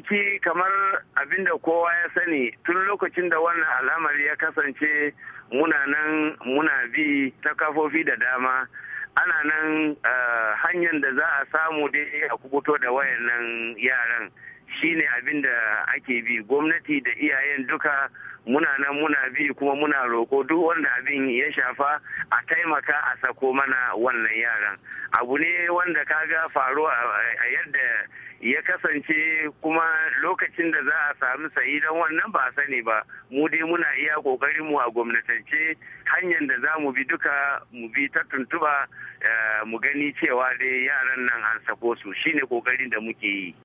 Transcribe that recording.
ciki kamar abinda kowa ya sani tun lokacin da wannan al'amari ya kasance muna nan muna bi ta kafofi da dama ana nan eh, hanyar da za a samu dai a kubuto da wayannan yaran shine abin da ake bi gwamnati da iyayen duka muna nan muna bi kuma muna roko duk wanda abin ya shafa a taimaka a sako mana wannan yaran abu ne wanda kaga faruwa eh, a yadda ya kasance kuma lokacin da za a sami don wannan ba a sani ba mu dai muna iya kokarin mu a gwamnatance hanyar da za mu bi duka mu bi ta tuntuba eh, mu gani cewa dai yaran nan an sako su shine kokarin da muke yi